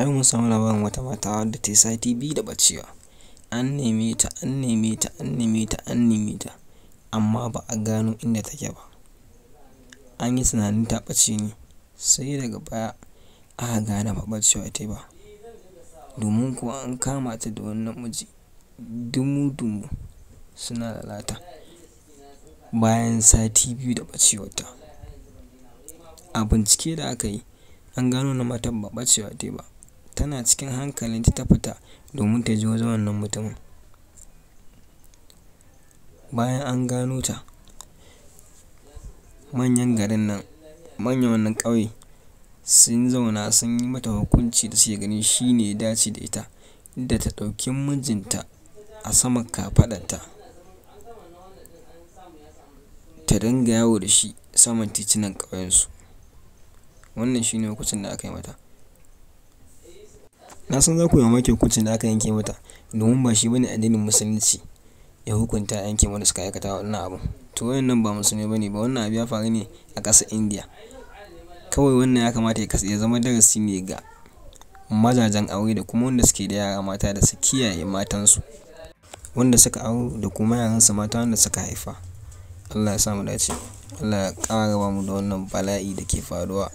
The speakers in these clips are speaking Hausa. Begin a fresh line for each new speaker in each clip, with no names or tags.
A yi musamman labarin wata mata wadda ta yi sati biyu da ɓacewa. An neme ta, an neme ta, an neme ta, an neme ta, amma ba a gano inda take ba. An yi tunanin ta ɓace ne, sai daga baya aka gane ba ɓacewa ta yi ba. Domin kuwa an kama ta da wannan namiji dumu-dumu suna lalata bayan sati biyu da ɓacewarta. A bincike da aka yi, an gano na matan ba ɓacewa ta yi ba. tana cikin hankalinta ta fita domin ta je wajen wannan mutumin bayan an gano ta manyan garin nan manyan wannan ƙauye sun zauna sun yi mata hukunci da suke gani shi ne dace da ita da ta ɗauki mijinta a sama kafaɗarta ta dinga yawo da shi saman titunan ƙauyensu wannan shi ne hukuncin da aka yi mata na san za ku yi mamakin hukuncin da aka yanke mata domin ba shi bane addinin musulunci ya hukunta yanke mata suka aikata wannan abun to nan ba musulmi ne ba wannan abu ya faru ne a ƙasar indiya kawai wannan ya kamata ya zama darasi ne ga mazajen aure da kuma wanda suke da yara mata da su kiyaye matansu wanda suka aure da kuma yaransu mata wanda suka haifa allah ya samu dace allah ya ƙara ba mu da wannan bala'i da ke faruwa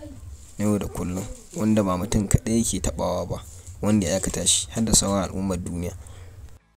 na yau da kullum wanda ba mutum kaɗai yake taɓawa ba wanda ya aikata shi har da sauran al'ummar duniya.